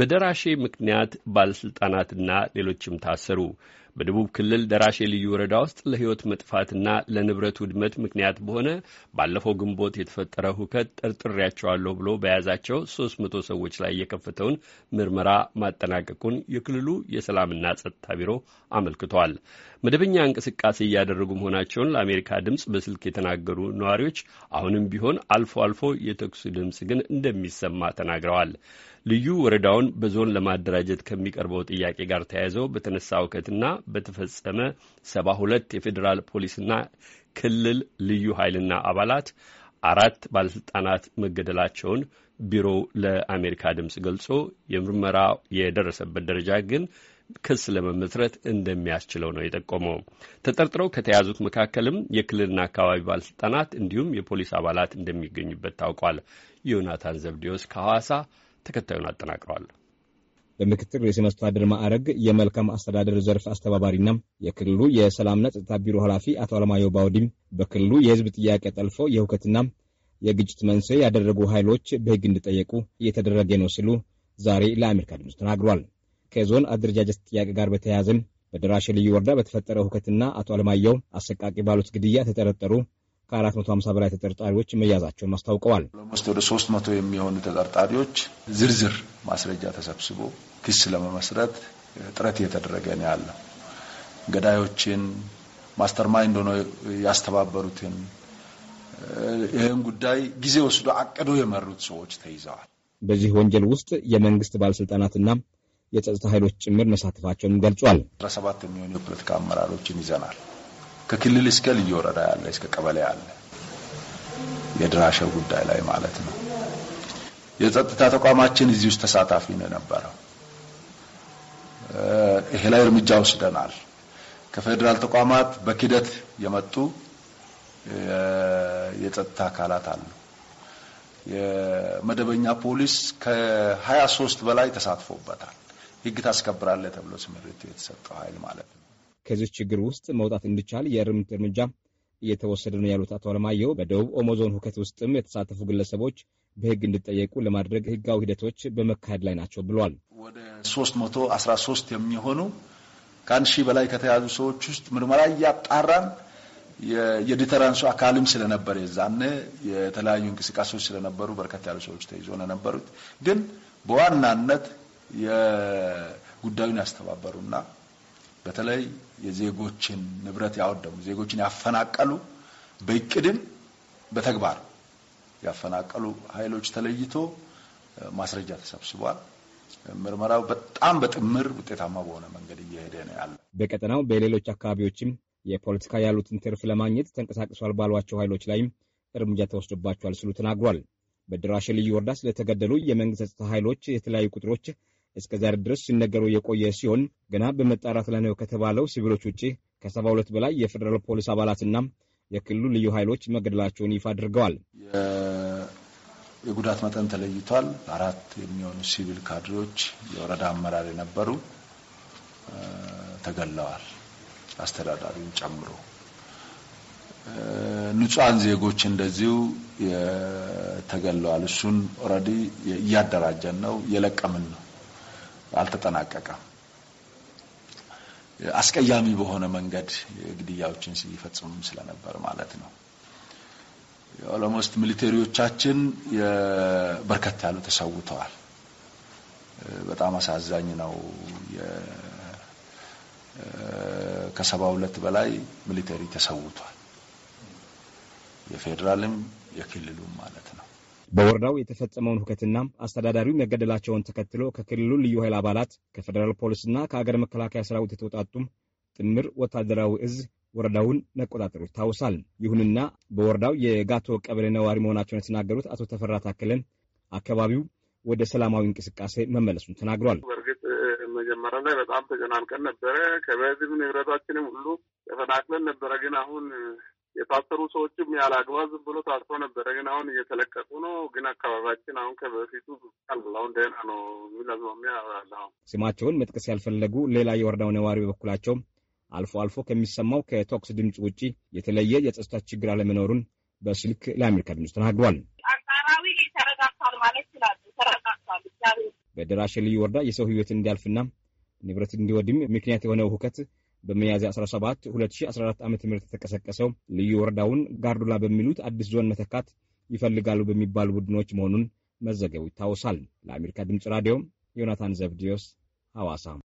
በደራሼ ምክንያት ባለሥልጣናትና ሌሎችም ታሰሩ። በደቡብ ክልል ደራሼ ልዩ ወረዳ ውስጥ ለሕይወት መጥፋትና ለንብረት ውድመት ምክንያት በሆነ ባለፈው ግንቦት የተፈጠረ ሁከት ጠርጥሬያቸዋለሁ ብሎ በያዛቸው ሶስት መቶ ሰዎች ላይ የከፈተውን ምርመራ ማጠናቀቁን የክልሉ የሰላምና ጸጥታ ቢሮ አመልክቷል። መደበኛ እንቅስቃሴ እያደረጉ መሆናቸውን ለአሜሪካ ድምፅ በስልክ የተናገሩ ነዋሪዎች አሁንም ቢሆን አልፎ አልፎ የተኩሱ ድምፅ ግን እንደሚሰማ ተናግረዋል። ልዩ ወረዳውን በዞን ለማደራጀት ከሚቀርበው ጥያቄ ጋር ተያይዘው በተነሳ እውከትና በተፈጸመ ሰባ ሁለት የፌዴራል ፖሊስና ክልል ልዩ ኃይልና አባላት አራት ባለስልጣናት መገደላቸውን ቢሮው ለአሜሪካ ድምፅ ገልጾ የምርመራ የደረሰበት ደረጃ ግን ክስ ለመመስረት እንደሚያስችለው ነው የጠቆመው። ተጠርጥረው ከተያዙት መካከልም የክልልና አካባቢ ባለስልጣናት እንዲሁም የፖሊስ አባላት እንደሚገኙበት ታውቋል። ዮናታን ዘብዲዮስ ከሐዋሳ ተከታዩን አጠናቅረዋል። በምክትል ርዕሰ መስተዳድር ማዕረግ የመልካም አስተዳደር ዘርፍ አስተባባሪና የክልሉ የሰላምና ጸጥታ ቢሮ ኃላፊ አቶ አለማየሁ ባውዲም በክልሉ የህዝብ ጥያቄ ጠልፎ የሁከትና የግጭት መንስኤ ያደረጉ ኃይሎች በህግ እንዲጠየቁ እየተደረገ ነው ሲሉ ዛሬ ለአሜሪካ ድምፅ ተናግሯል። ከዞን አደረጃጀት ጥያቄ ጋር በተያያዘም በደራሼ ልዩ ወረዳ በተፈጠረ ሁከትና አቶ አለማየሁ አሰቃቂ ባሉት ግድያ ተጠረጠሩ ከአራት መቶ ሀምሳ በላይ ተጠርጣሪዎች መያዛቸውን አስታውቀዋል። ስ ወደ መቶ የሚሆኑ ተጠርጣሪዎች ዝርዝር ማስረጃ ተሰብስቦ ክስ ለመመስረት ጥረት እየተደረገ ነው ያለው። ገዳዮችን ማስተርማይንድ ሆነ ያስተባበሩትን ይህን ጉዳይ ጊዜ ወስዶ አቅዶ የመሩት ሰዎች ተይዘዋል። በዚህ ወንጀል ውስጥ የመንግስት ባለስልጣናትና የጸጥታ ኃይሎች ጭምር መሳተፋቸውን ገልጿል። አስራ ሰባት የሚሆኑ የፖለቲካ አመራሮችን ይዘናል። ከክልል እስከ ልዩ ወረዳ ያለ እስከ ቀበሌ ያለ የድራሸው ጉዳይ ላይ ማለት ነው። የጸጥታ ተቋማችን እዚህ ውስጥ ተሳታፊ ነው የነበረው። ይሄ ላይ እርምጃ ወስደናል። ከፌዴራል ተቋማት በክደት የመጡ የጸጥታ አካላት አሉ። የመደበኛ ፖሊስ ከ ሶስት በላይ ተሳትፎበታል። ህግ ታስከብራለህ ተብሎ ስምሪቱ የተሰጠው ኃይል ማለት ነው። ከዚህ ችግር ውስጥ መውጣት እንዲቻል የእርምት እርምጃ እየተወሰደ ነው ያሉት አቶ አለማየሁ በደቡብ ኦሞ ዞን ሁከት ውስጥም የተሳተፉ ግለሰቦች በህግ እንዲጠየቁ ለማድረግ ህጋዊ ሂደቶች በመካሄድ ላይ ናቸው ብሏል። ወደ 313 የሚሆኑ ከአንድ ሺህ በላይ ከተያዙ ሰዎች ውስጥ ምርመራ እያጣራን የዲተራንሱ አካልም ስለነበረ የዛነ የተለያዩ እንቅስቃሴዎች ስለነበሩ በርከት ያሉ ሰዎች ተይዞ ነው የነበሩት። ግን በዋናነት የጉዳዩን ያስተባበሩና በተለይ የዜጎችን ንብረት ያወደሙ፣ ዜጎችን ያፈናቀሉ፣ በእቅድም በተግባር ያፈናቀሉ ኃይሎች ተለይቶ ማስረጃ ተሰብስቧል። ምርመራው በጣም በጥምር ውጤታማ በሆነ መንገድ እየሄደ ነው ያለ። በቀጠናው በሌሎች አካባቢዎችም የፖለቲካ ያሉትን ትርፍ ለማግኘት ተንቀሳቅሷል ባሏቸው ኃይሎች ላይም እርምጃ ተወስዶባቸዋል ሲሉ ተናግሯል። በድራሽ ልዩ ወረዳ ስለተገደሉ የመንግስት ጸጥታ ኃይሎች የተለያዩ ቁጥሮች እስከ ዛሬ ድረስ ሲነገሩ የቆየ ሲሆን ገና በመጣራት ላይ ነው ከተባለው ሲቪሎች ውጭ ከሰባ ሁለት በላይ የፌዴራል ፖሊስ አባላትና የክልሉ ልዩ ኃይሎች መገደላቸውን ይፋ አድርገዋል። የጉዳት መጠን ተለይቷል። አራት የሚሆኑ ሲቪል ካድሬዎች የወረዳ አመራር የነበሩ ተገለዋል፣ አስተዳዳሪን ጨምሮ። ንጹሐን ዜጎች እንደዚሁ ተገለዋል። እሱን ኦልሬዲ እያደራጀን ነው፣ የለቀምን ነው። አልተጠናቀቀም። አስቀያሚ በሆነ መንገድ ግድያዎችን ሲፈጽሙ ስለነበር ማለት ነው። ኦሎሞስት ሚሊቴሪዎቻችን በርከት ያሉ ተሰውተዋል። በጣም አሳዛኝ ነው። ከሰባ ሁለት በላይ ሚሊተሪ ተሰውቷል። የፌዴራልም የክልሉም ማለት ነው። በወረዳው የተፈጸመውን ሁከትና አስተዳዳሪው መገደላቸውን ተከትሎ ከክልሉ ልዩ ኃይል አባላት ከፌዴራል ፖሊስና ከአገር መከላከያ ሰራዊት የተውጣጡም ጥምር ወታደራዊ እዝ ወረዳውን መቆጣጠሩ ይታወሳል። ይሁንና በወረዳው የጋቶ ቀበሌ ነዋሪ መሆናቸውን የተናገሩት አቶ ተፈራ ታክለን አካባቢው ወደ ሰላማዊ እንቅስቃሴ መመለሱን ተናግሯል። በእርግጥ መጀመሪያ ላይ በጣም ተጨናንቀን ነበረ። ከበዚህም ንብረታችንም ሁሉ ተፈናቅለን ነበረ። ግን አሁን የታሰሩ ሰዎችም ያለ አግባብ ዝም ብሎ ታስሮ ነበረ፣ ግን አሁን እየተለቀቁ ነው። ግን አካባቢያችን አሁን ከበፊቱ አሁን ደህና ነው የሚል አዝማሚያ አለ። ስማቸውን መጥቀስ ያልፈለጉ ሌላ የወረዳው ነዋሪ በበኩላቸው አልፎ አልፎ ከሚሰማው ከቶክስ ድምፅ ውጭ የተለየ የጸጥታ ችግር አለመኖሩን በስልክ ለአሜሪካ ድምፅ ተናግሯል። አንጻራዊ ተረጋግቷል ማለት ይችላሉ። ተረጋግቷል። በደራሼ ልዩ ወረዳ የሰው ህይወት እንዲያልፍና ንብረት እንዲወድም ምክንያት የሆነው ሁከት በሚያዝያ 17 2014 ዓ ም የተቀሰቀሰው ልዩ ወረዳውን ጋርዱላ በሚሉት አዲስ ዞን መተካት ይፈልጋሉ በሚባሉ ቡድኖች መሆኑን መዘገቡ ይታወሳል። ለአሜሪካ ድምፅ ራዲዮ ዮናታን ዘብዲዮስ ሐዋሳ